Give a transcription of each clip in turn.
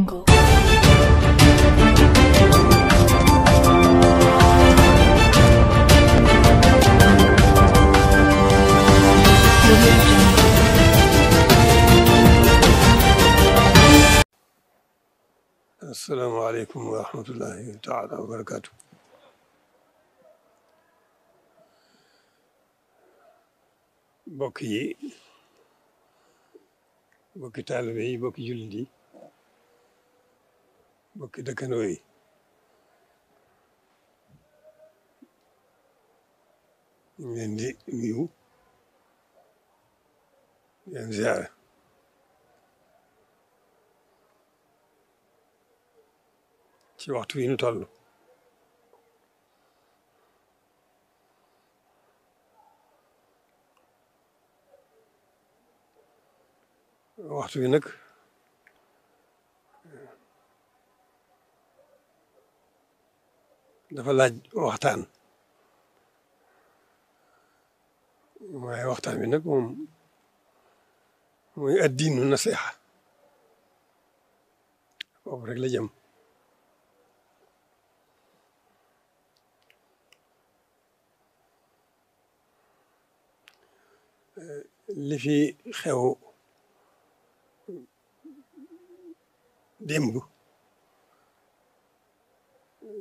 jungle assalaamu aleykum wa taala wa barakaatu mbokk yi mbokki taalibe mbokki dëkkandoo yi ñu ngi leen ci waxtu wi ñu toll waxtu wi nag dafa laaj waxtaan waaye waxtaan wi nag moom mooy addiinu nasiha boobu rek la jëm li fi xew démb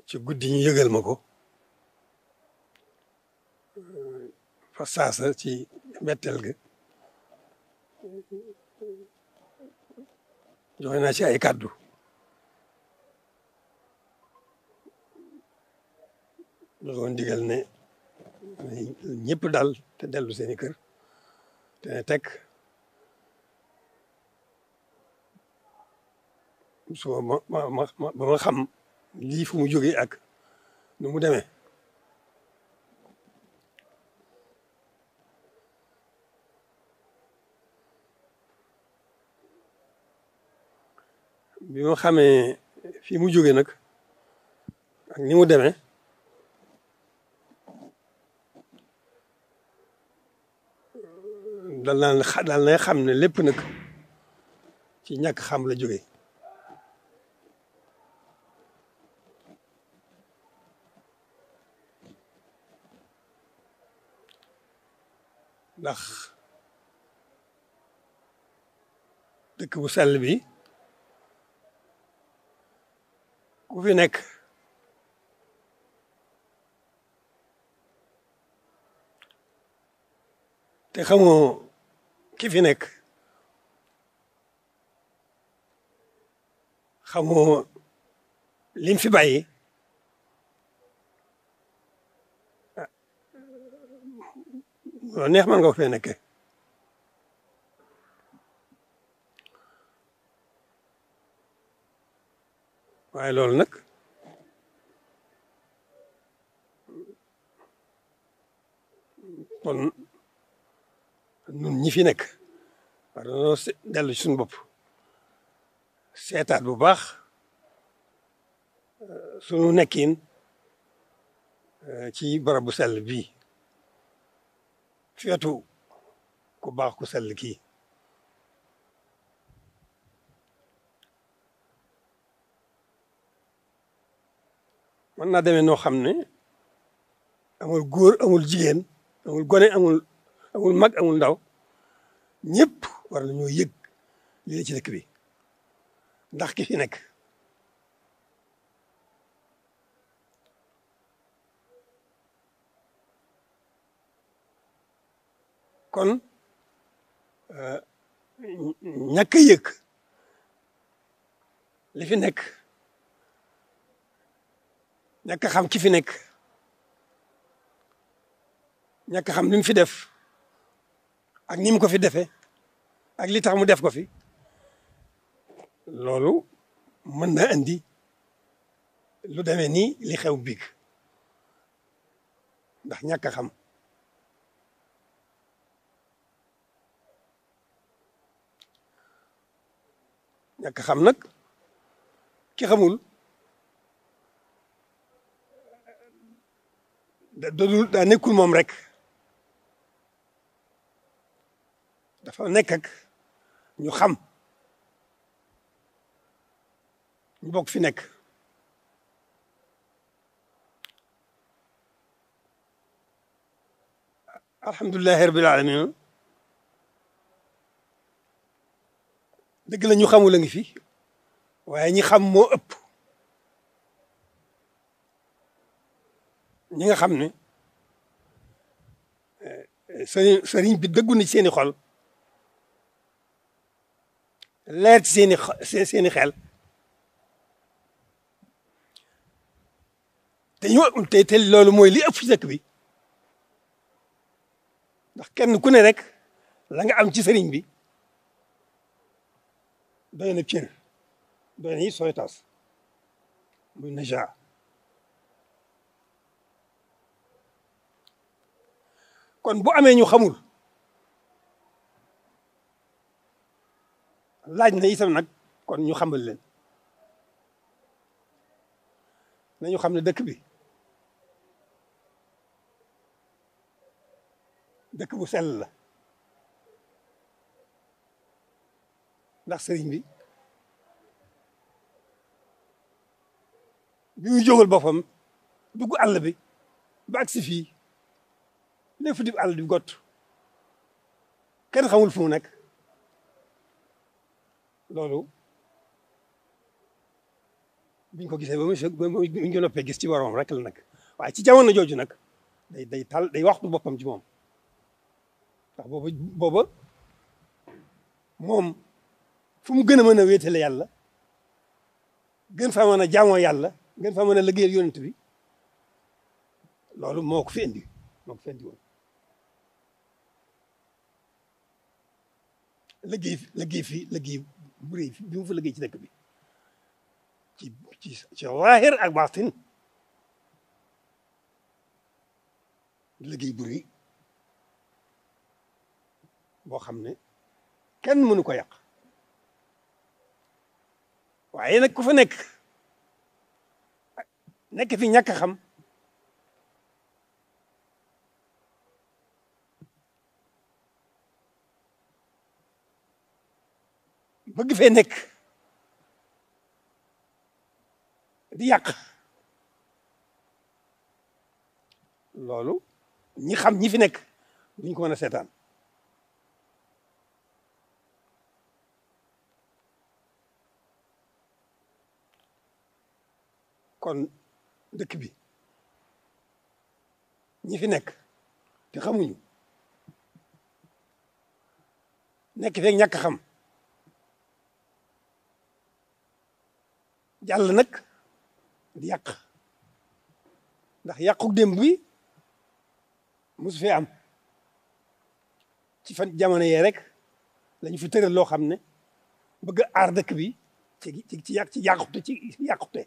ci guddi ñu yëgal ma ko fa saasa ci mbetteel ga joxe naa ci ay kàddu loolu ndigal ne ñëpp dal te dellu seeni kër te ne teg su ma ma ma ba ma xam lii fu mu jóge ak nu mu demee bi ma xamee fi mu jóge nag ak ni mu deme dal naa dal xam ne lépp nag ci ñàkk xam la jóge ndax dëkk bu sell bi ku fi nekk te xamoo ki fi nekk xamoo lim fi bàyyi lu neex mën nga ko fee nekkee waaye loolu nag kon nun ñi fi nekk war nañoo dellu ci suñu bopp seetaat bu baax euh, sunu nekkin euh, ci barab bu sell bii feetu ku baax ku sell kii mën naa demee noo xam ne amul góor amul jigéen amul gone amul amul mag amul ndaw ñëpp war nañoo yëg li ci dëkk bi ndax ki fi nekk kon euh, ñàkk a yëg li fi nekk ñàkk xam ki fi nekk ñàkk xam li mu fi def ak ni ko fi defee ak li tax mu def ko fi loolu mën na andi lu deme nii li xew biig ndax ñàkk xam ñàkk xam nag ki xamul dadul nekkul moom rek dafa nekk ak ñu xam ñu bokk fi nekk alhamdulilahi rabbil alamin dëgg lañu ñu ngi fi waaye ñi xam moo ëpp ñi nga xam ni eh, sëriñ sëriñ bi dëggu na ci seeni xol leer ci seeni xel te ñu te te loolu mooy li ëpp ci dëkk bi ndax kenn ku ne rek la nga am ci sëriñ bi doy na cër doy na it sooy tas muy naja kon bu amee ñu xamul laaj na itam nag kon ñu xambal leen nañu xam ne dëkk bi dëkk bu sell la ndax sëriñ bi bi mu boppam dugg àll bi ba agsi fii lépp di àll bi gott kenn xamul fu mu nekk loolu biñ ko gisee ba mu biñ ko gis ci borom rek la nag waaye ci jamono jooju nag day day tal day waxtu boppam ci moom ndax booba booba moom fu mu gën a mën a wéetale yàlla gën faa mën a jaamoo yàlla gën faa mën a liggéeyal yonent bi loolu moo ko fi indi moo ko fi indi woon liggéey liggéey fi liggéey bu rëy bi mu fa liggéey ci dëkk bi ci ci ci boo xam ne kenn mënu ko yàq waaye nag ku fa nekk nekk fi ñàkk xam bëgg fee nekk di yàq loolu ñi xam ñi fi nekk duñ ko mën a seetaan kon dëkk bi ñi fi nekk te xamuñu nekk feeg ñàkk xam jàll nag di yàq ndax yàqu démb bi mosu fee am ci fan jamono yee rek lañu fi tëral loo xam ne bëgg aar dëkk bi ci ci ci yàq ci yàqute ci yàqute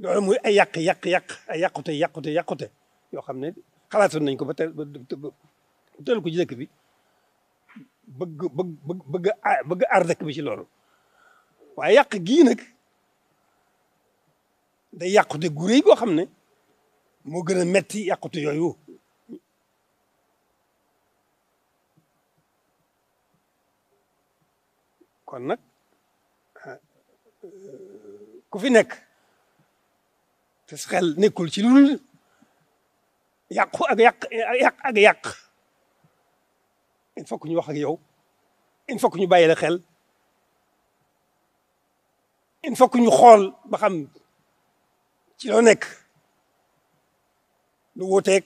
loolu muy ay yàq yàq yàq ay yàqute yàqute yàqute yoo xam ne xalaatoon nañ ko ba teel ba teel ko ci bi bëgg bëgg bëgg a bëgg aar dëkk bi ci loolu waaye yàq gii nag day yàqute gu rëy goo xam ne moo gën a metti yàqute yooyu kon nag ah, euh, ku fi nekk te xel nekkul ci lul dul yàqu ak yàq yàq ak yàq ñu wax ak yow il faut ñu bàyyi xel il faut ñu xool ba xam ci loo nekk lu wuuteeg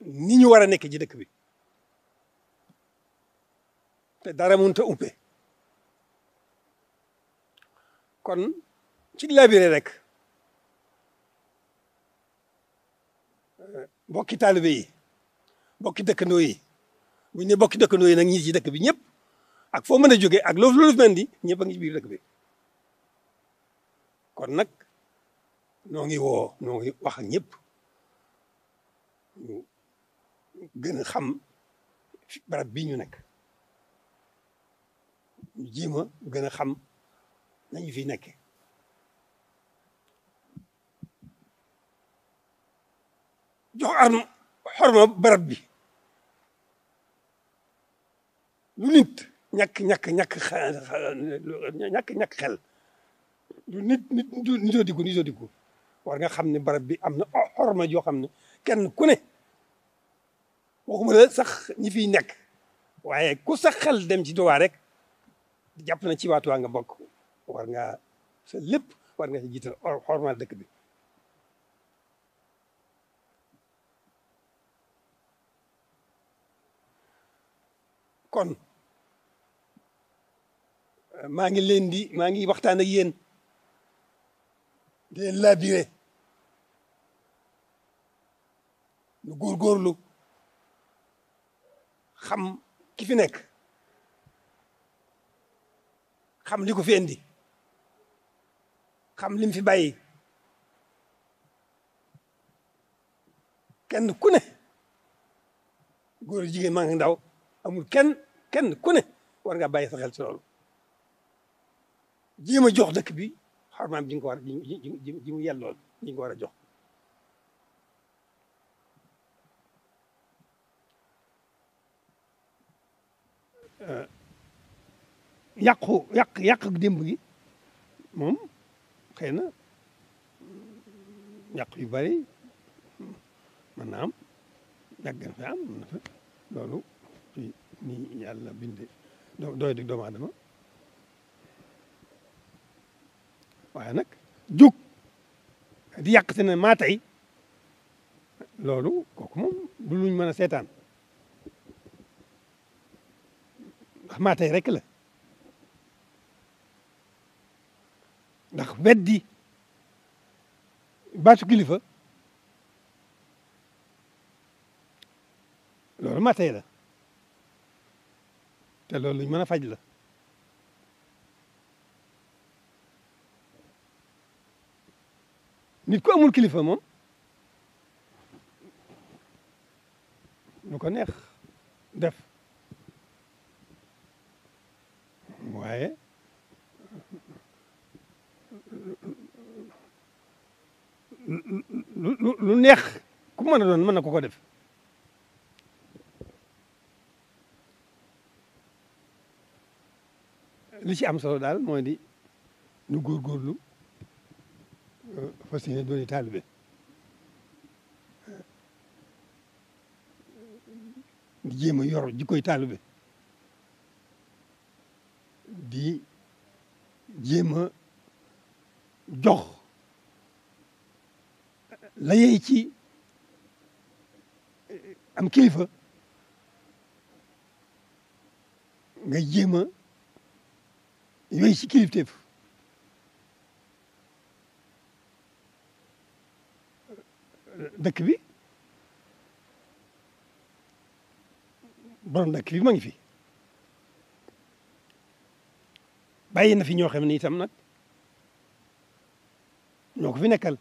ni ñu war a nekk ci dëkk bi te dara mënut a uppe kon ci labiré rek mbokki taalibe yi mbokki dëkkandoo yi bu bokki ne mbokki dëkkandoo yi nag ñi ci dëkk bi ñëpp ak foo mën a jógee ak loolu loolu fi mel di ñëpp a ci biir dëkk bi kon nag noo ngi woo noo ngi wax ak ñëpp gën a xam barab bii ñu nekk ñu jéem a gën a xam nañu fi nekkee jox arm xorma barab bi lu nit ñàkk ñàkk ñàkk ñàkk ñàkk xel lu nit nit nitoo diku nitoo diku war nga xam ne barab bi am na xorma joo xam ne kenn ku ne waxuma la sax ñi fiy nekk waaye ku sax xel dem ci Tuubaa rek jàpp na ci waa Tuubaa nga bokk war nga sa lépp war nga si jiital xorma dëkk bi kon maa ngi leen di maa ngi waxtaan ak yéen di leen labiré lu góorgóorlu xam ki fi nekk xam li ko fi xam lim fi kenn ku ne góor jigéen maa ngi ndaw amul kenn kenn ku ne war ngaa bàyyi sa xel ci loolu jéem a jox dëkk bi xormaam ji nga ko war ji ji mu yellool ji nga ko war a jox euh, yàqu yàq yàq démb gi moom xëy na yàq yu bari mën na am yàgg na fa am mën na fa loolu ni yàlla binde doy di doomu aadama waaye nag jóg di yàq se maa tey loolu kooku moom du luñ mën a seetaan ndax maa tey rek la ndax weddi baatu kilifa loolu maa tey la te loolu luñ mën a faj la nit ku amul kilifa moom lu ko neex def waaye lu lu lu neex ku na a doon mën na ko ko def li ci am solo daal mooy di lu góorgóorlu euh, fas yéene doon taalibe di jéem a yor jikkoy taalibe di jéem a jox la yey ci euh, am kilifa nga jéem yooyu ci kilifteef dëkk bi borom dëkk bi ma ngi fi bàyyi na fi ñoo xam ne itam nag ñoo ko fi nekkal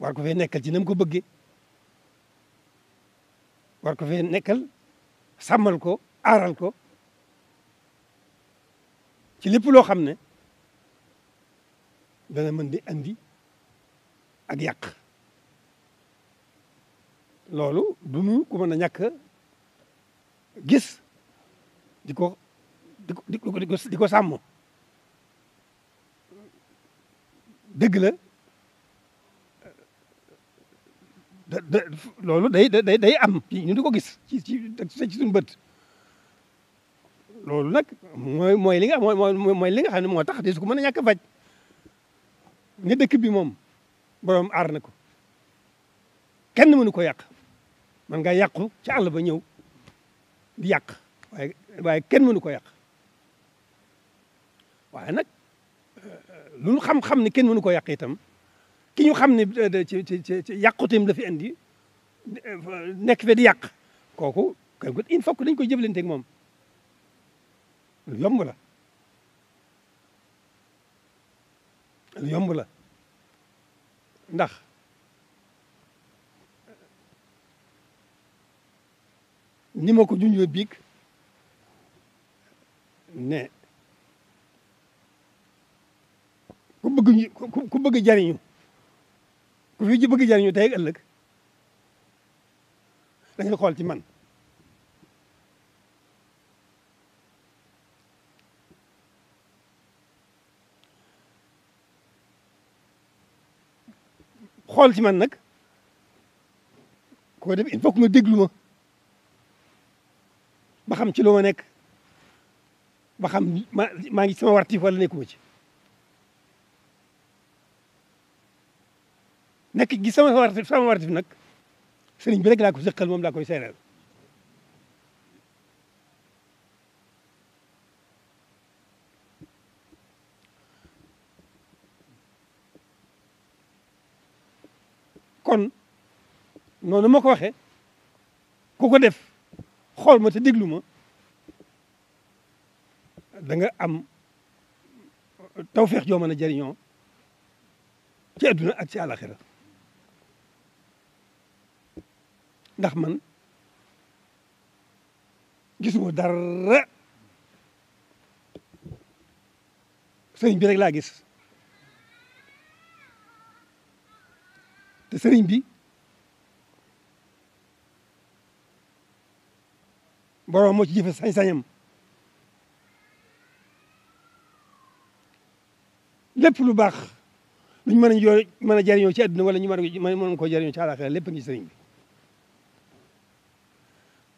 war ko fee nekkal ci na ko bëggee war ko fee nekkal sàmmal ko aaral ko ci lépp loo xam ne dana mën di andi ak yàq loolu du nu ku a ñàkk gis di ko di ko di ko di ko sàmm dëgg la da loolu day day day am ñu di ko gis ci ci ci suñu bët. loolu nag mooy mooy li nga mooy mooy li nga xam moo tax des ko mën a ñàkk a faj ne dëkk bi moom borom aar na ko kenn mënu ko yàq man nga yàqu ci àll ba ñëw di yàq waaye kenn mënu ko yàq waaye nag euh, lu xam-xam ni kenn mënu ko yàq itam ki ñu xam ne euh, ci ci ci yàquteem la fi indi euh, nekk fe di yàq kooku kay il faut que dañ koy jëflante ak moom lu yomb la lu yomb la ndax ni ma ko junjoo biig ne ku bëgg ñu jariñu ku fi ji bëgg jariñu tey ak ëllëg dañuy xool ci man xool ci man nag koo def il faut que nga déglu ma ba xam ci loo nekk ba xam ma ngi sama wartif wala nekkuma ci nekk gi sama wartif sama wartif nag sëriñ bi rek laa ko sëqal moom laa koy seeral kon noonu ma ko waxee ku ko def xool ma te déglu danga am tawfeex joo mën a jëriñoo ci adduna ak ci àlaxira ndax man gisuma dara sëriñ bi rek laa gis te sëriñ bi boroom moo ci jëfe sañ-sañam lépp lu baax lu ñu mën a yoo mën a jariñoo ci àdduna wala ñu mën mën koo jariñoo ci àllaaxira lépp ngi sëriñ bi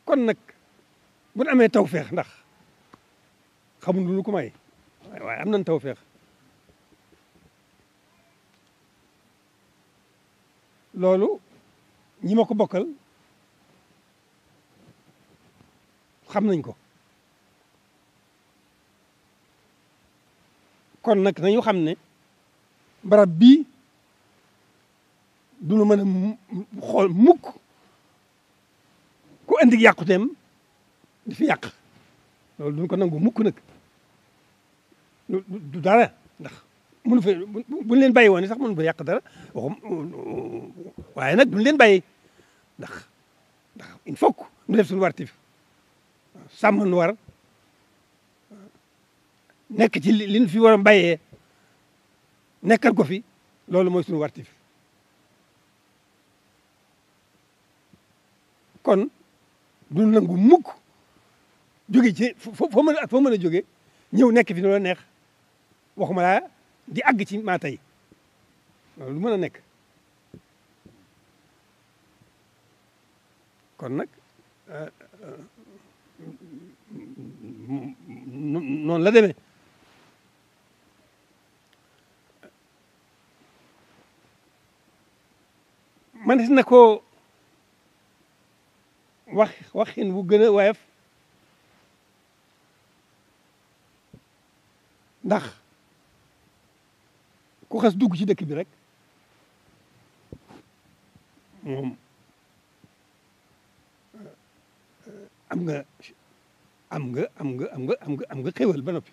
kon nag bu amee tawfeex ndax xamul lu ko may waaye am nañ tawfeex loolu ñi ma ko bokkal xam nañ ko kon nag nañu xam ne barab bii du nu mën a xool mukk ku indi yàquteem di fi yàq loolu duñ ko nangu mukk nag du dara ndax mënu fa leen bàyyi woon sax mënu fa yàq dara waxum waaye nag duñ leen bàyyi ndax ndax il faut que ñu def suñu wartif sàmm nu war nekk ci liñ fi war a bàyyee nekkal ko fi loolu mooy suñu wartif kon du nangu mukk jóge ci foo mën a foo mën a jóge ñëw nekk fi nu la neex waxuma laa di àgg ci maa tey loolu lu mën a nekk kon nag euh, euh, euh, noonu la demee manes na koo wax waxin bu gën a woyof ndax ku xas dugg ci dëkk bi rek moom eh, am nga am nga am nga am nga am nga am nga xéwal ba noppi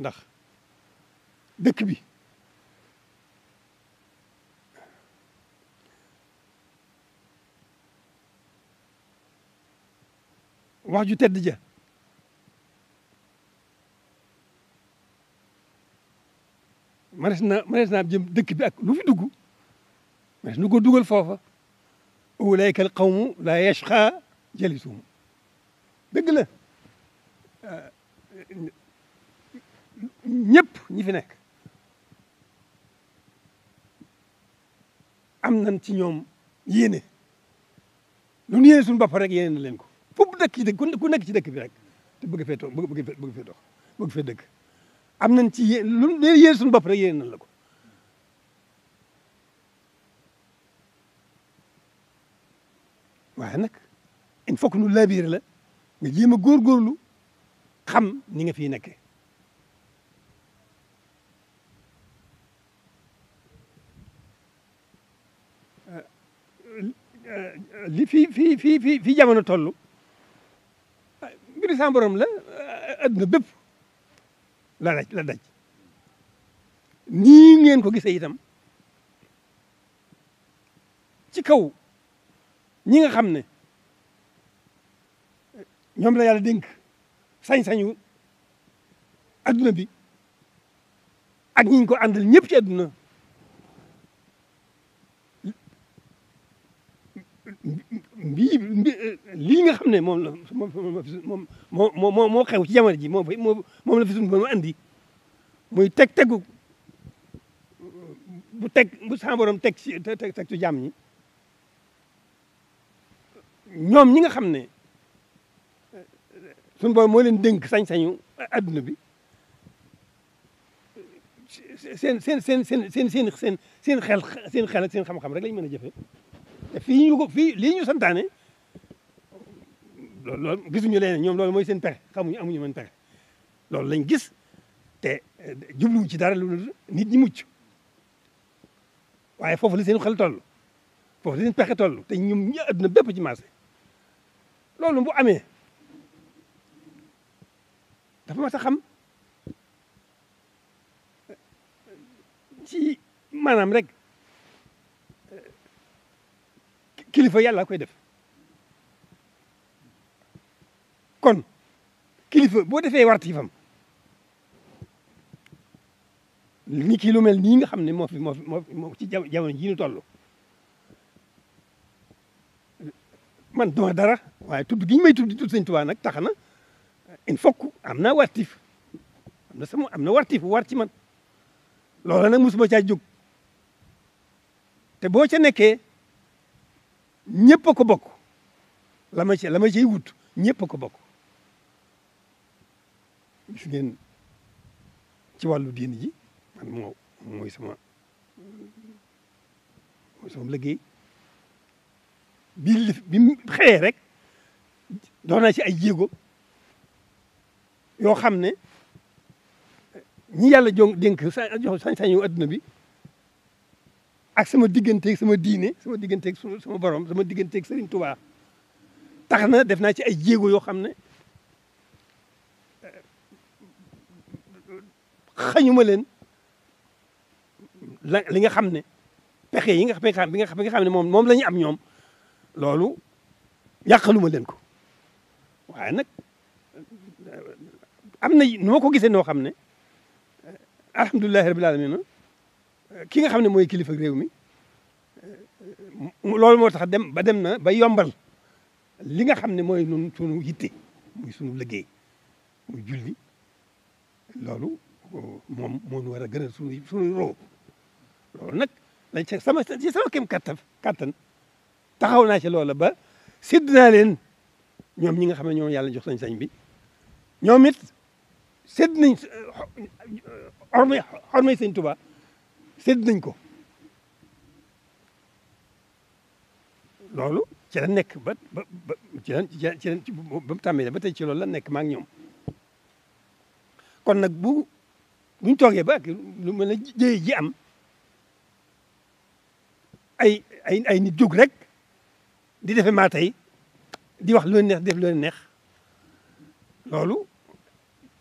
ndax dëkk bi wax ju tedd manes na manes naa jëm dëkk bi ak lu fi dugg manes nu ko dugal foofa ulayka al qawmu la yashqa jalisuhum dëgg la ñëpp ñi fi nekk am nan ci ñoom yéene lu nu yéene suñu bopp rek yéene na leen ko fu dëkk ci dëkk ku nekk ci dëkk bi rek te bëgg fee toog bëgg fee dox bëgg fee dëkk am nañ ci yéen lu yéen suñu bopp rek yéen nañ la ko waaye nag il faut que nu laabire la nga jéem a góorgóorlu xam ni nga fiy nekkee euh, euh, euh, li fi fii fii fii fii jamono toll mbiru sa borom la adduna bépp la daj la daj nii ngeen ko gisee itam ci kaw ñi nga xam ne ñoom la yàlla dénk sañ-sañu adduna bi ak ñi ko àndal ñëpp ci mbii lii nga xam ne moom la moom moom moo moo xew ci jamono ji moom moom la fi suñu borom andi muy teg tegu bu teg bu sama borom teg ci teg ci jàmm ñi ñoom ñi nga xam ne suñu borom moo leen dénk sañ-sañu adduna bi seen seen seen seen seen seen seen seen xel seen xel ak seen xam-xam rek lañ mën a jëfee te fii ñu ko fii lii ñu santaane loolu loolu gisuñu leneen ñoom loolu mooy seen pexe xamuñu amuñu mën pexe loolu lañ gis te eh, jubluwuñ ci dara lu nit ñi muc waaye foofu la seen xel toll foofu la seen pexe toll te ñoom ñi àdduna ci marché loolu bu ame dafa ma sa xam ci maanaam rek kilifa yàlla koy def kon kilifa boo defee wartifam ni ki lu mel nga xam ne moo moo fi moo ci jamono jii ñu toll man duma dara waaye tudd gi ñu may tudd tudd Sëñ Tuubaa nag tax na il faut am naa wartif na sama am na warti war ci man loola nag mosuma caa jóg te boo ca nekkee ñëpp ko bokk la ma ci la ma ciy wut ñëpp ko bokk gis ngeen ci wàllu diin ji man moo mooy sama mooy sama liggéey bi bi xëyee rek dox naa ci ay jéego yoo xam ne ñi yàlla jo dénk sa jox sañ bi ak sama digganteeg sama diine sama digganteeg sama borom sama digganteeg Serigne Touba tax na def naa ci ay jéego yoo xam ne euh, xañuma leen la li nga xam ne pexe yi nga xam bi nga xam ne moom moom la am ñoom loolu yàqaluma leen ko waaye nag euh, am na nu ko gisee noo xam ne euh, alhamdulilahi rabil alamin ki nga xam ne mooy kilifa réew mi loolu moo tax dem ba dem na ba yombal li nga xam ne mooy nun sunu yitte muy sunu liggéey muy julli loolu moom moo ñu war a gënal sunu sunu roo loolu nag lañ ci sama ci sama kem kattan kattan taxaw naa ci loola ba sédd naa leen ñoom ñi nga xam ne ñoom yàlla jox sañ-sañ bi ñoom it sédd nañ ormay ormay sëñ Tuubaa sédd nañ ko loolu ci la nekk ba ba ba ci la ci ba mu tàmmee ba tey ci loolu la nekk maak ngi ñoom kon nag bu buñ toogee ba ak lu mel ne ji am ay ay ay nit jóg rek di defe maa tey di wax lu neex def lu neex loolu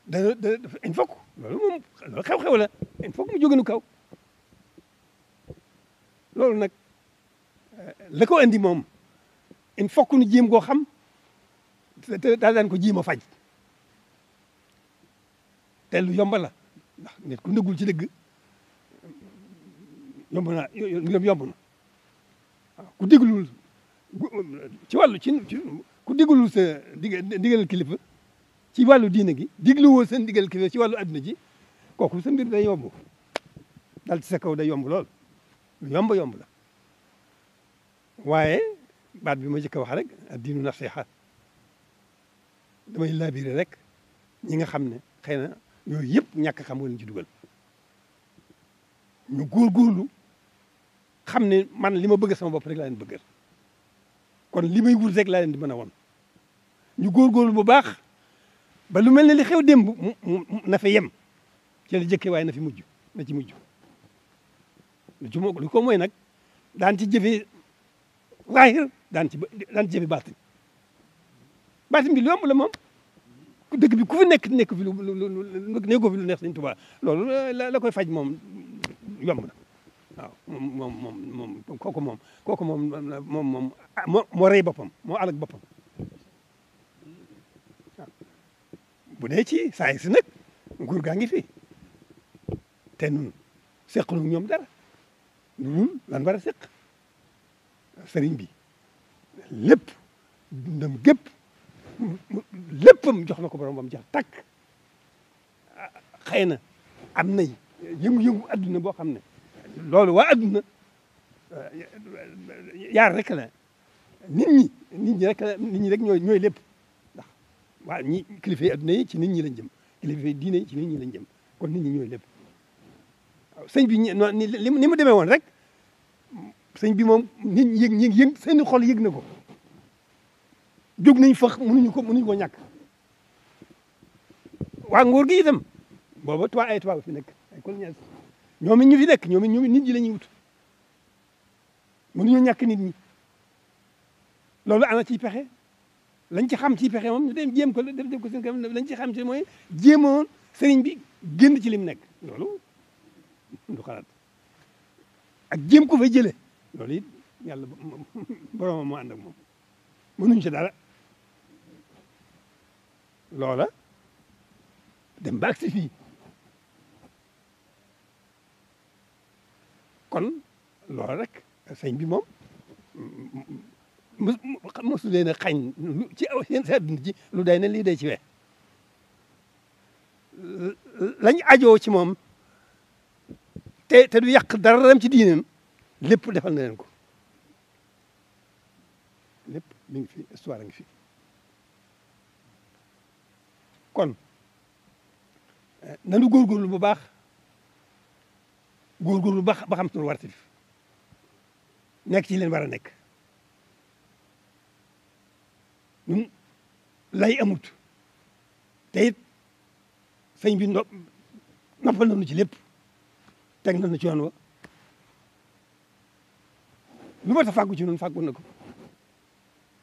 da dana da faut que loolu moom loolu xew-xew la il faut mu jóge nu kaw. loolu nag eh, la ko andi moom il faut que ñu jéem koo xam te daan ko jéem a faj te lu yomb la ndax nit ku ci dëgg yomb naa yomb na waaw ku déglul ci wàllu ci ku déglul sa ndigal kilifa ci wàllu diine gi dégluwoo seen ndigal kilifa ci wàllu adduna ji kooku sa mbir day yomb dal ci sa kaw day lool yomb yomb la waaye baat bi ma njëkk a wax rek addiinu nasiha damay labiré rek ñi nga xam ne xëy na yooyu yëpp ñàkk xam nga leen ci dugal ñu góorgóorlu xam ne man li ma bëgg sama bopp rek laa leen bëggal kon li may wut rek laa leen di mën a won ñu góorgóorlu bu baax ba lu mel ne li xew démb nafe yem ci la jëkke waaye na fi mujj na ci mujj lu ma lu ko mooy nag daan ci jëfe zaahir daan ci daan ci jëfe baatin baatin bi lu yomb la moom dëgg bi ku fi nekk nekk fi lu lu lu nekkoo fi lu neex Sëñ Tuubaa loolu la koy faj moom yomb na waaw moom moom moom kooku moom kooku moom moom moom ah, moo moo rey boppam moo alak boppam bu dee ci saa si nag nguur gaa ngi fi te nun seqaloo ñoom dara ñun lan war a seq bi lépp dundam gépp léppam jox na ko borom bam jeex tàkk xëy na am na yëngu-yëngu adduna boo xam ne loolu waa adduna yaar rek la nit ñi nit ñi rek la nit ñi rek ñooy ñooy lépp ndax waa ñi kilifa yi adduna yi ci nit ñi lañ jëm kilifa yi ci nit ñi lañ jëm kon nit ñi ñooy lépp waaw sëñ bi ni mu demee woon rek sëñ bi moom nit ñi yëg yëg yëg seen xol yëg na ko jóg nañ fax mënuñu ko mënuñu ko ñàkk waa nguur gi itam booba tubaab ay tubaab fi nekk ay colonial ñoom it ñu fi nekk ñoom it ñoom nit ñi la ñuy wut mënuñu ñàkk nit ñi loolu ana ciy pexe lañ ci xam ciy pexe moom ñu dem jéem ko def def ko seen kanam lañ ci xam ci mooy jéemoon sëriñ bi génn ci li mu nekk loolu du xalaat ak jéem ko fa jëlee loolu it yàlla boroomam moo ànd ak moom mënuñ ci dara loola dem ba agsi fii kon loola rek sëñ bi moom mosu leen a xañ ci aw seen ji lu day ne lii day ci we lañ ajo ci moom te te du yàq dara ci diinam lépp defal na leen ko lépp mi ngi fi histoire a ngi fi kon eh, nanu góorgóorlu bu baax góorgóorlu ba ba xam suñu wartif nekk ci leen war a nekk ñun lay amut te it sëñ bi noppal nañu ci lépp teg nañu ci yoon wa lu ma ta fàggu ci noonu fàggu na ko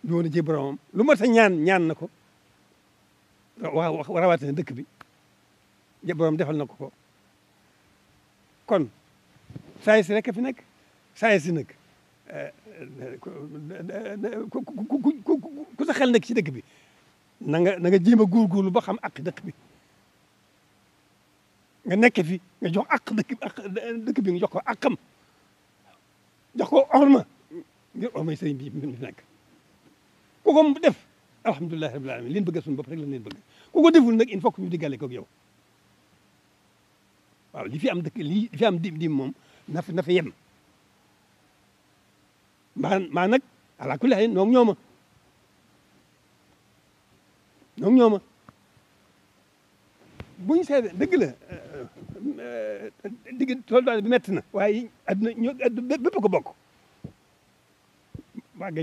ñu ji boromam lu ma a ñaan ñaan na ko waaw rawatina dëkk bi ji borom defal na ko ko kon saa si rek fi nekk saa si nag ku eh, ku ku sa xel nekk ci dëkk bi na nga na nga jéem a góorgóorlu ba xam akk dëkk bi nga nekk fi nga jox ak dëkk bi nga jox ko akam jox ko orma ngir ormay sëriñ bi mi fi nekk ku ko def alhamdulilahi rabbil alamin leen bëgg suñu bopp rek lañ leen bëgg ko deful nag il faut que ñu diggale koog yow li fi am dëkk li dim dim moom na fi na fi yem maa maa nag kulli haal noog ñooma noog ñooma buñu seede dëgg euh, digg tolluwaay bi métti na waaye adduna ñoo adduna bépp ko bokk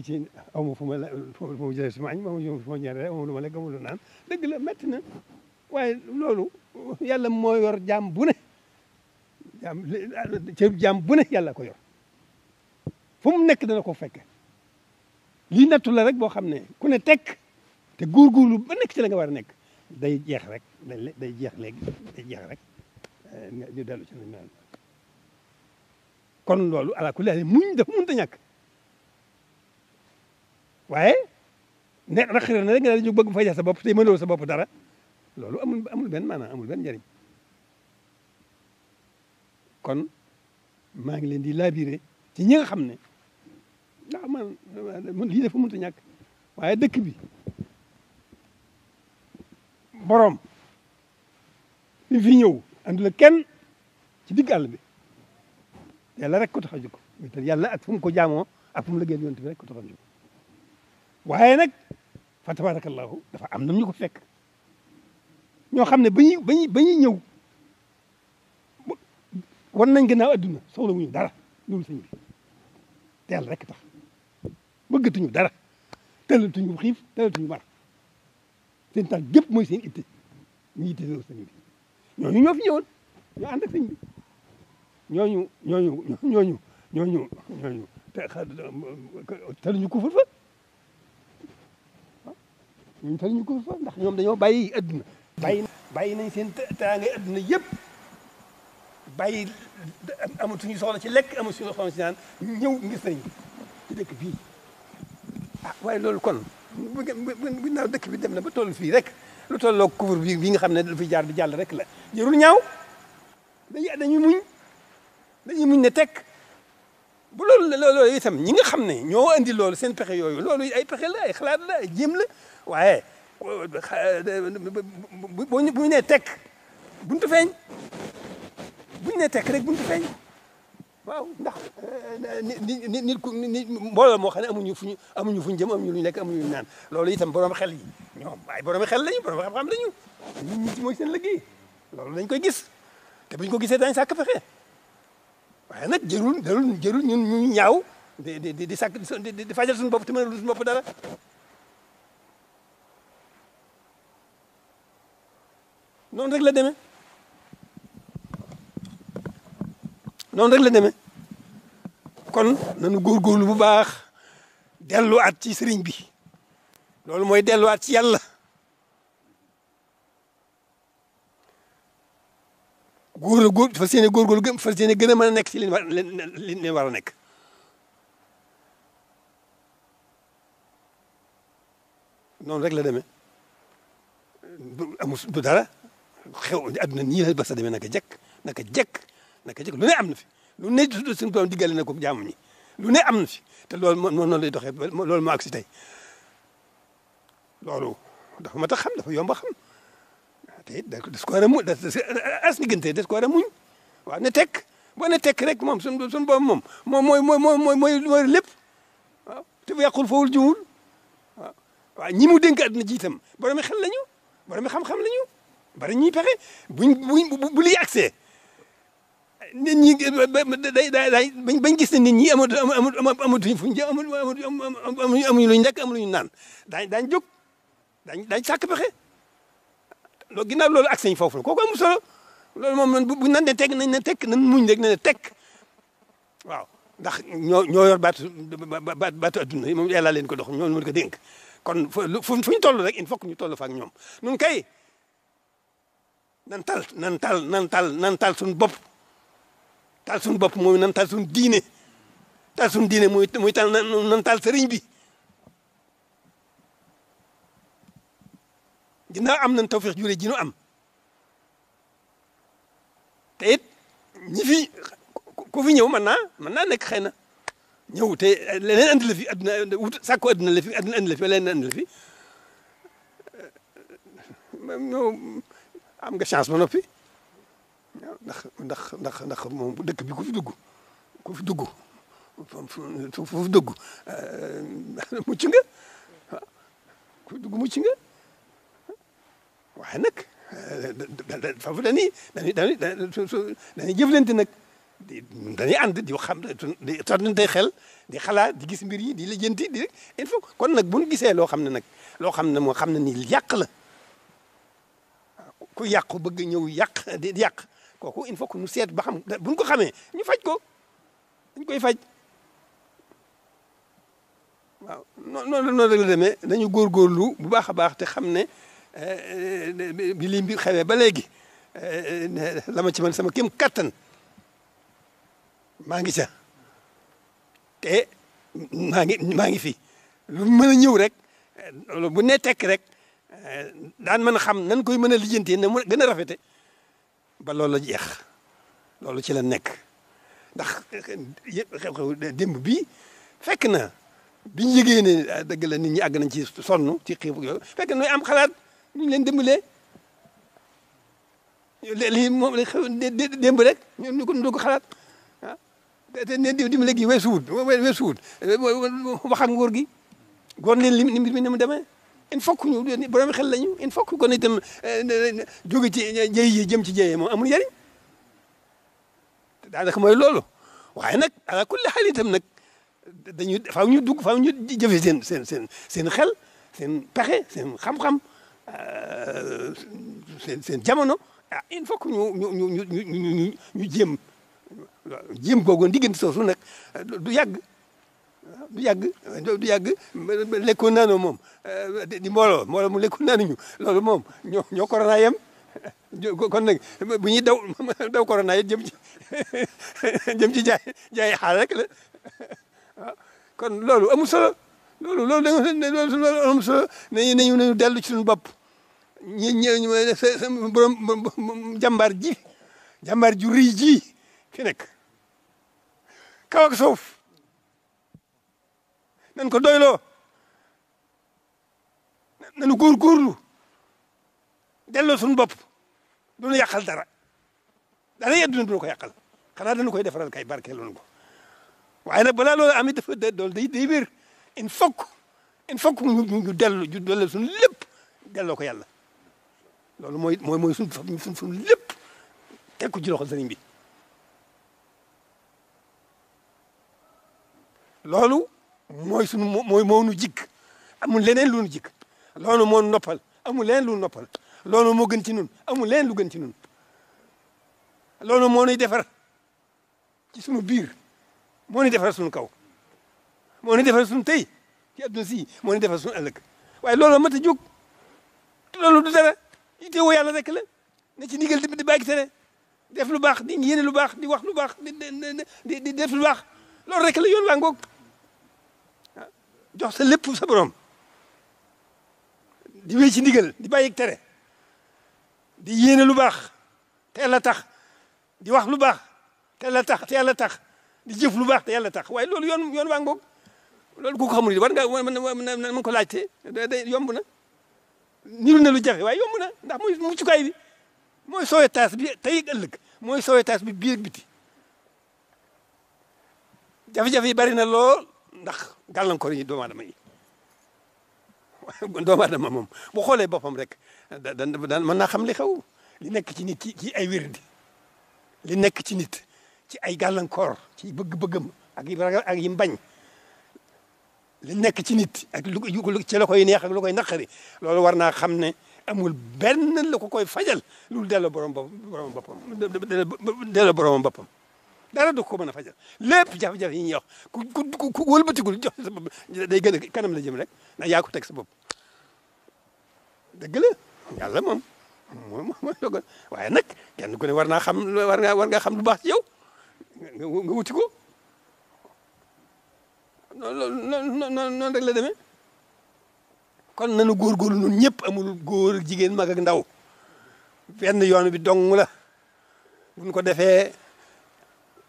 ci aw ma fu ma la fu ma jëlee sama añ ma lekk aw lu naan dëgg la métti na waaye loolu yàlla moo yor jaam bu ne jaam cër jaam bu ne yàlla ko yor fu nekk dana ko fekke lii nattu la rek boo xam ne ku ne tekk te góorgóorlu ba nekk ci la nga war a nekk day jeex rek day day jeex rek ñu dellu ci nañ kon loolu ala kulli haal muñ dafa mënut a ñàkk waaye ne raqira na rek nga ñu bëgg fay sa bopp te mënuloo sa bopp dara loolu amul amul benn maanaam amul ben njëriñ kon maa ngi leen di labiré ci ñi nga xam ne waaw man lii dafa mënut a ñàkk waaye dëkk bi boroom bi fi ñëw andu la kenn ci digg àll bi yàlla rek ko tax a jóg wéetal yàlla ak fu mu ko jaamoo ak fu mu liggéeyal yonent bi rek ko tax a jóg waaye nag fa tabarakallahu dafa am nam ñu ko fekk ñoo xam ne ba ñuy ba ñuy ba ñuy ñëw war nañ gannaaw adduna soxla wuñu dara loolu sëñ bi te yàlla rek tax bëggatuñu dara tëlatuñu xiif tëlatuñu mar seen tax gépp mooy seen itte ñu itte loolu sëñ bi ñooñu ñoo fi ñëwoon ñu ànd ak sëñ bi ñooñu ñooñu ñooñu ñooñu ñooñu te tëluñu kufur fa ñun tëluñu kufur fa ndax ñoom dañoo bàyyi adduna bàyyi bàyyi nañ seen teraangay adduna yëpp bàyyi amatuñu soxla ci lekk amatuñu soxla ci naan ñëw ngis nañ ci dëkk bii ah waaye loolu kon bu ginnaaw dëkk bi dem na ba toll fii rek lu tolloo couvre bi bi nga xam ne lu fi jaar di jàll rek la jërul ñaaw dañuy muñ dañuy muñ ne tekk bu lool loolu itam ñi nga xam ne ñoo andi lool seen pexe yooyu loolu ay pexe la ay xalaat la ay jéem la waaye bu ñu nee tekk buntu feeñ bu ñu nee tekk rek buntu feeñ waaw ndax eh, ni ni nit ku nit moo xam ne amuñu fuñu amuñu ñu jëm amuñu lu ñu lekk amuñu lu ñu naan loolu itam boroom xel yi ñoom waaye borom xel lañu borom xam-xam lañu nit ñi ci mooy seen liggéey loolu dañ koy gis te buñ ko gisee dañ sàkk fexe waaye nag jërul jërul jërul ñun ñu ñaaw di di di sàkk di fajal suñu bopp te mënal suñu bopp dara noonu rek la demee. noonu rek la deme kon nañu góorgóorlu bu baax delluwaat ci sëriñ bi loolu mooy delluwaat ci yàlla góor la góor fas yéene góorgóorlu gën fas yéene a mën a nekk ci li leen war a nekk noonu rek la demee amul du dara xew adduna nii la ba sa demee naka jekk naka jekk naka jëkk lu ne am na fi lu ne suñu borom diggale na ko jàmm ñi lu ne am na fi te loolu moo noonu lay doxee loolu moo agsi tey loolu dafa mat a xam dafa yomb a te it des ko war a muñ as diggante des ko war a muñ waaw tekk boo ne tekk rek moom suñu suñu borom moom moom mooy mooy mooy mooy mooy lépp waaw te bu yàqul jiwul waaw ñi mu dénk àdduna ji itam borom xel lañu borom xam-xam lañu bari ñuy pexe buñ buñ bu liy accès nit ñi day day day bañ gis ne nit ñi amatu amatuñ fuñ jëm amuñu amuñu luñ lekk amuñu luñ naan daañu daañu jóg daañu daañu sàkk pexe loolu ginnaaw loolu ak seen foofu la kooku am loolu moom man bu bu nan de tekk nañ ne tekk nan muñ rek ne tekk waaw ndax ñoo ñoo yor baatu baatu baatu adduna moom yàlla leen ko dox ñoo mën ko dénk kon fu ñu toll rek il faut ñu toll fa ak ñoom nun kay nan tal nan tal nan tal nan tal suñu bopp. taal suñu bopp mooy nan taal suñu diine taal suñu diine mooy taal nan taal sëriñ bi ginnaaw am nañ tawfeex jure ji am te it kofi fi ku fi ñëw mën naa mën naa nekk xëy na ñëw te leneen andi la fi adduna wut adduna la adduna andi la fi wala leneen andi am nga chance ba noppi ndax ndax ndax ndax moom dëkk bi ku fi dugg ku fi dugg foofu dugg euh, mucc nga waaw ku fi dugg mucc nga waaye nag euh, foofu dañuy dañuy dañuy dañuy jëflante di dañuy ànd di xam di sottante xel di xalaa di gis mbir yi di lijjanti di il faut kon nag bu ñu gisee loo xam ne nag loo xam ne moo xam ne nii yàq la ku yàqu bëgg ñëw yàq di yàq. kooku il faut que nu seet ba xam buñ ko xamee ñu faj ko dañ koy faj waaw noonu noonu rek la demee dañu góorgóorlu bu baax a baax te xam ne eh, bi lii mbir xewee ba léegi eh, la ma ci man sama kéem kattan maa ngi ca te maa ngi maa ngi fi lu mën a ñëw rek eh, bu ne tekk rek daan mën a xam nan koy mën a lijjantee na mu gën a rafete ba loolu la jeex loolu ci la nekk ndax yëpp xew-xew démb bii fekk na biñ yëgee ne dëgg la nit ñi àgg nañ ci sonn ci xiif yooyu fekk na ñooy am xalaat ñu leen dimbalee lii moom la xew démb rek ñu ko ñu ko xalaat ah te ne dimbale gi weesuwut weesuwut wax ak nguur gi góor leen li ni mu demee il faut que ñu borom xel lañu il faut que kon itam euh, jóge ci jëy yi jëm ci jëyee moom amul njëriñ daanaka mooy loolu waaye nag ala kulli xaal itam nag dañuy faaw ñu dugg fa ñu jëfe seen seen seen seen xel seen pexe seen xam-xam euh, seen seen jamono ah il faut ñu ñu ñu ñu ñu ñu jéem jéem googu diggante soosu nag du yàgg. du yàgg du yàgg lekkoon naanoo moom euh, di mbooloo mbooloo mu lekkoon naanuñu loolu moom ño ñoo kon nag bu ñuy daw daw corona yi jëm ci jëm ah, kon loolu amul solo loolu loolu da dellu ci suñu bopp jàmbaar ji jàmbaar ju rëy ji fi nekk nañ ko doyloo nañu góorgóorlu delloo suñu bopp du ñu yàqal dara dara yàdduna du ñu ko yàqal xanaa dañu koy defaral kay barkeeloon ko waaye nag balaa loolu am it dafa dool day day wér il faut que il faut que ñu dellu ñu dellu suñu delloo ko yàlla loolu mooy mooy mooy suñu suñ suñu lépp teg ko ci bi loolu mooy sunu mooy moo nu jikk amul leneen lu nu jikk loolu moo noppal amul leneen lu noppal loolu moo gën ci nun amul leneen lu gën ci nun loolu moo nuy defar ci sunu biir moo nuy defar sunu kaw moo nuy defar sunu tey ci adduna si moo nuy defar sunu ëllëg waaye loolu mat a jóg loolu du dara ite woo yàlla rek la ne ci ndigal di bàyyi tere def lu baax di yéene lu baax di wax lu baax di di def lu baax loolu rek la yoon waa ngoog jox sa lépp sa borom di wéy ci ndigal di bàyyi tere di yéene lu baax te yàlla tax di wax lu baax te yàlla tax te yàlla tax di jëf lu baax te yàlla tax waaye loolu yoon yoon baa ngi boobu loolu ku ko xamul war nga mën na ko laajte day yomb na niru na lu jafe waaye yomb ndax mooy muccukaay bi mooy soowe taas bi tey ak ëllëg mooy soowe taas bi biir ak biti jafe-jafe yi bari na lool ndax gàllankoor yi doomu aadama yi doomu aadama moom bu xoolee boppam rek da da mën naa xam li xew li nekk ci nit ci ay wérdi li nekk ci nit ci ay gàllankoor ci bëgg bëgg ak yi ragal ak yi mbañ li nekk ci nit ak lu ci la koy neex ak lu koy naqari loolu war naa xam ne amul benn la ko koy fajal lu delloo borom boppam borom boppam delloo borom boppam. dara du ko mën a fajal lépp jafe-jafe yi ñuy wax ku ku wëlbatigul jox sa bopp day gën a kanam la jëm rek ndax yaa ko teg sa bopp dëgg la yàlla moom moom mooy dogal waaye nag kenn ku ne war naa xam war nga war nga xam lu baax ci nga wuti ko noonu noonu noonu rek la demee kon nanu góorgóorlu ñun ñëpp amul góor jigéen mag ak ndaw benn yoon bi dong la buñ ko defe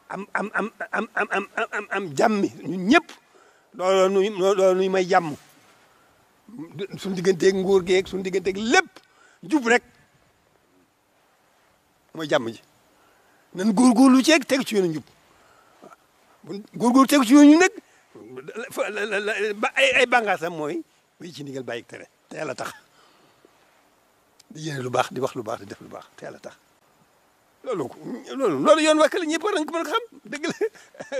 am am am am am am ñun ñëpp looloo nuy looloo nuy may jàmm suñu digganteeg nguur geeg suñu digganteeg lépp jub rek mooy jàmm ji nan góorgóorlu ceeg teg ci yoonu njub góorgóorlu teg ci yoonu nag ay ay bànqaasam mooy bay ci ndigal bàyyi tere te yàlla tax di yéene lu baax di wax lu baax di def lu baax te yàlla tax loolu loolu loolu yoon waa Kalle ñëpp war nañu ko mën a xam dëgg la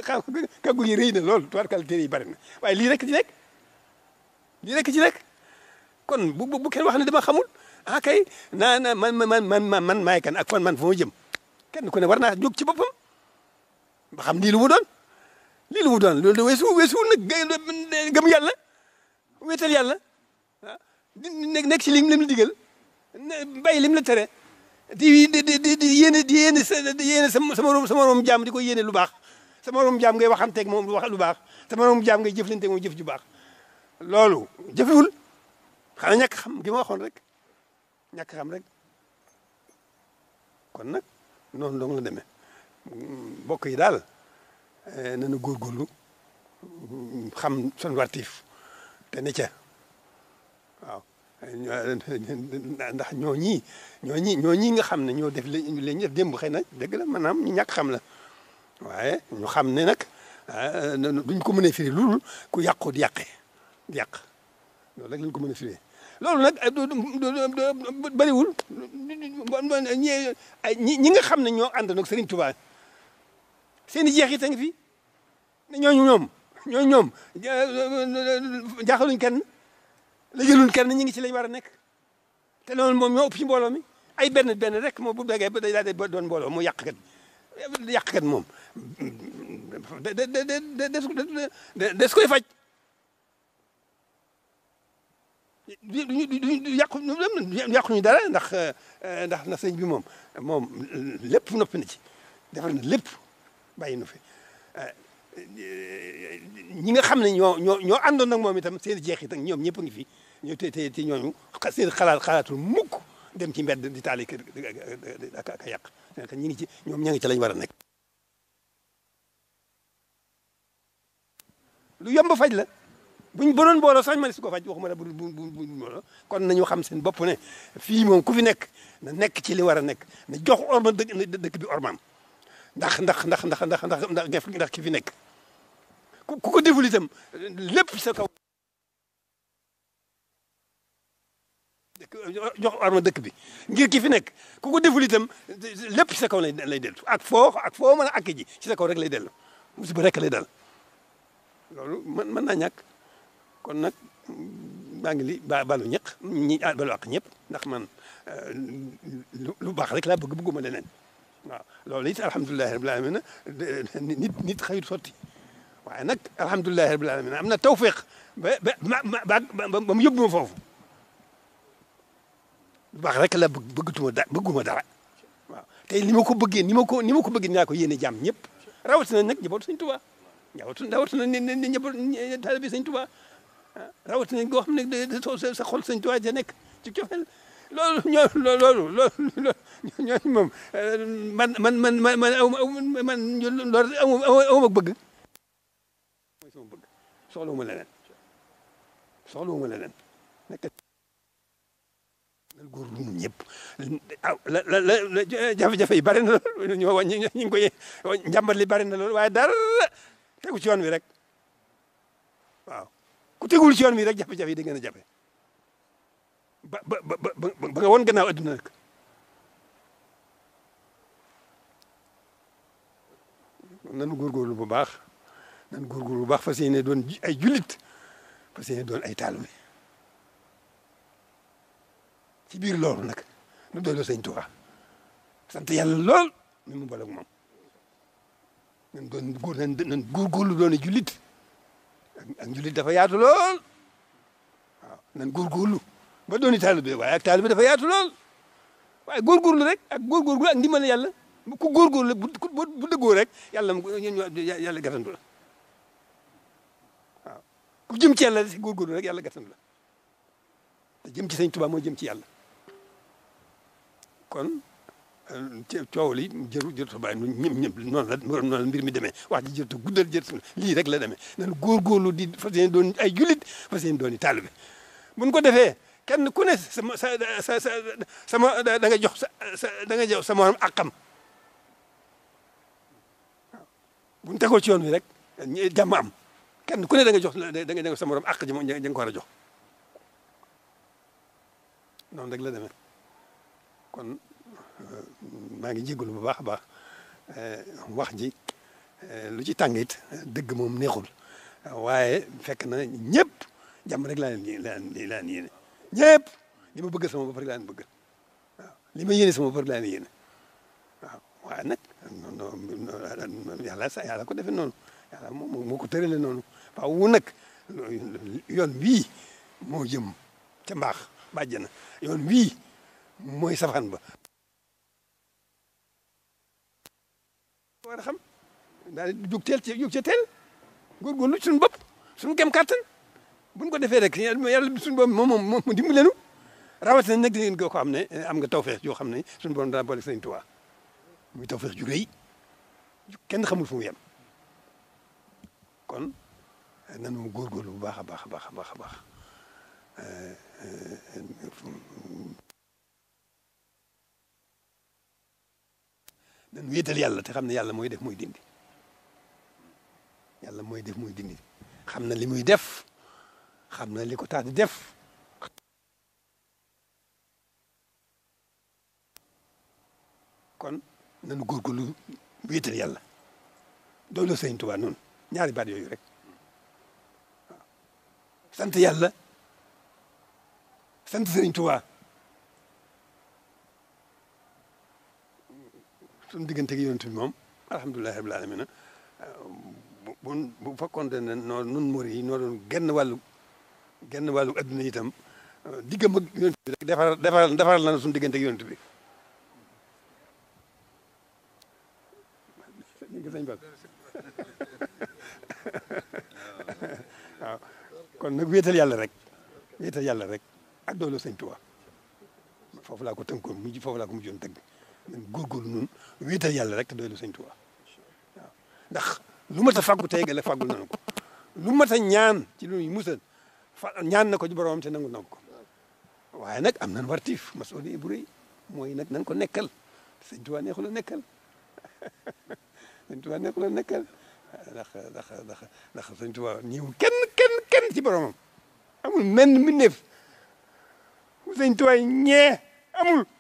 xam kàggu yi rëy na yi bari na waaye lii rek ci nekk ci nekk kon bu bu wax ne dama xamul ah kay naa na man man man man maay kan ak fan man fu ma jëm kenn ku ne war naa jóg ci boppam ba xam lii lu mu doon lii lu mu doon loolu de weesu weesu nag gëm yàlla wéetal yàlla ah nekk ci li mu la digal bàyyi li la tere. di di di di yéene di yéene sa yéene sa jaam di ko yéene lu baax sama moroom jaam ngay waxanteeg moom wax lu baax sama moroom jaam ngay jëflanteeg moom jëf ju baax loolu jëfewul xanaa ñàkk xam gi ma waxoon rek ñàkk xam rek kon nag noonu dong la demee mbokk yi daal eh, nañu góorgóorlu mm, xam son wartiif te ne ca waaw ndax ñoo ñi ñoo ñi ñoo ñii nga xam ne ñoo def li ñu def démb xëy na dëgg la maanaam ñu ñàkk xam la waaye ñu xam ne nag ah, duñ ko mën a firi lu ku yàqu di yàqee di yàq loolu rek lañ ko mën a firi loolu nag bëriwul ñi ñi nga xam ne ñoo ànd nag Serigne Touba seen i jeex yi tang fi ñooñu ñoom ñoo ñoom jaaxaluñ kenn liggéeyul kenn ñu ngi ci lañ war a nekk te loolu moom ñoo ëpp ci mbooloo mi ay benn benn rek moo bu degee ba day daal doon mbooloo mu yàq kat yàq kat moom de koy faj duñu duñu yàqu yàquñu dara ndax euh, ndax na sëñ bi moom moom lépp noppi na ci defar lépp bay nu fi euh, ñi nga xam ne ñoo ñoo ñoo àndoon nag moom itam seen jeexit ak ñoom ñëpp ngi fi ñu te te ci ñooñu seen xalaat xalaatul mukk dem ci mbedd di taali kër ak ak ngi ci ñoom ña ngi ci lañ war a nekk. lu yomb faj la buñ bonoon booloo sax ma ne su ko faj waxuma ma bu bu bu booloo kon nañu xam seen bopp ne fii moom ku fi nekk na nekk ci li war a nekk na jox orma dë dëkk bi ormaam ndax ndax ndax ndax ndax ndax ndax ki fi nekk ku ko deful itam lépp sa kaw. jox ma dëkk bi ngir ki fi nekk ku ko deful itam lépp ci sa kaw lay dellu ak foo ak foo mën a akki ji ci sa rek lay dellu musiba rek lay dal man mën mën kon nag maa ngi li ba balu ñëq ñi ah, balu àq ñëpp ndax man euh, lu baax rek laa bëgg bëgguma leneen waaw loolu it alhamdulilahi rabil alamina nit nit xëyut sotti waaye nag alhamdulilahi rabil alamina am na tawféex ba ba ba ba mu yóbbu ma foofu baax rek la bëgg bëggatuma da bëgguma dara waaw tey ni ma ko bëggee ni ma ko ni ma ko bëggee dinaa ko yéene jàmm ñëpp rawatina nag njabootu sëñ Tuubaa njabootu rawatina ne ne njabootu taalibe sëñ Tuubaa ah, rawatina goo xam ne sa sa xol sëñ Tuubaa ja nekk ci cofeel loolu ñoo loolu loolu ñooñu moom man man man man man man loolu amuma bëgg mooy sama bëgg soxlawuma leneen soxlawuma leneen nekk góor ñun ñëpp ah, la la la jafe-jafe yi bari na lool ñu ñu koy njàmbat li bari na lool waaye dara tegu ci yoon wi rek waaw ku tegul ci yoon wi rek jafe-jafe da ngeen a jafe ba ba ba ba nga woon gannaaw adduna rek nanu góorgóorlu bu baax nanu góorgóorlu bu baax fas yéene doon ay jullit fas yéene doon ay taalume ci biir loolu nag nu doyloo sëñ Tuubaa sant yàlla lool mi mu booleeg moom nan doon góor nan nan góorgóorlu doon jullit ak jullit dafa yaatu lool waaw nan góorgóorlu ba dooni taalibe waaye ak taalibe dafa yaatu lool waaye lu rek ak góorgóorlu ak ndimbal yàlla ku góorgóorlu bu bu dëggoo rek yàlla mu yàlla gàttandu la waaw ku jëm ci yàlla si góorgóorlu rek yàlla gàttandu la te jëm ci sëñ Tuubaa moo jëm ci yàlla kon coow li jëru jërëtu bàyyi nu ñëpp ñëpp noonu la noonu la mbir mi demee wax ji jërëtu guddal jërëtu lii rek la demee nan góorgóorlu di fas yéene doon ay julit fas yéene doon i taalibe buñ ko defee kenn ku ne sama sa sa sa sama da nga jox sa sa da nga jox sama morom akam buñ tegoo ci yoon wi rek jàmm am kenn ku ne da nga jox da nga jox sa morom ak ji moom ja nga ko war a jox noonu rek la demee maa ngi jégalu bu baax a baax eh, wax ji eh, lu ci tàngit dëgg moom neexul waaye fekk na ñëpp jàmm rek laa leen laa laan li ma bëgg sama bopp rek laa leen bëgg li ma yéene sama bopp rek laa leen yéene waaye nag yàlla sa yàlla ko defee noonu yàlla moo ko tërale noonu waaw wu nag yoon wii moo jëm ca mbaax bàjjana yoon wii mooy safaan ba ko war a xam daal jug teel ci jug ca teel góorgóorlu suñu bopp suñu kem kàttan buñ ko defee rek yàlla suñu bopp moom moom mu dimbali leen rawatina nag dangeen ko xam ne am nga tawfeex yoo xam ne suñu borom daa boole Sëriñ Tuubaa muy tawfeex ju rëy kenn xamul fu mu yem kon nanu góorgóorlu bu baax a baax a baax a baax a baax nañ wéetal yàlla te xam ne yàlla mooy def mooy dindi yàlla mooy def mooy dindi xam na li muy def xam na li ko tax def kon nañu góorgóorlu wéetal yàlla doolu sëñ Tuubaa noonu ñaari baat yooyu rek waaw sant yàlla sant sëñ suñu diggante ak bi moom alhamdulilahi rabil alamina bu bu fekkoonte ne noo nun mur yi noo doon genn wàllu wàllu adduna itam diggam ak yonent bi rek defaral defaral defaral na suñu diggante ak bi kon nag wéetal yàlla rek wéetal yàlla rek ak doolu sëñ Tuubaa foofu laa ko tënkoon mujj foofu laa ko mujjoon tënk ñun góorgóorlu ñun wéetal yàlla rek te doy lu sëñ Tuubaa ndax lu mat a fàggu tey la fàggul nañu ko lu mat a ñaan ci lu musal fa ñaan na ko ci boromam te nangu na ko waaye nag am nan wartiif masuuliya bu rëy mooy nag nan ko nekkal sëñ Tuubaa la nekkal sëñ Tuubaa neexu la nekkal ndax ndax ndax ndax sëñ kenn kenn kenn ci boromam amul menn mbindeef sëñ Tuubaa ñee amul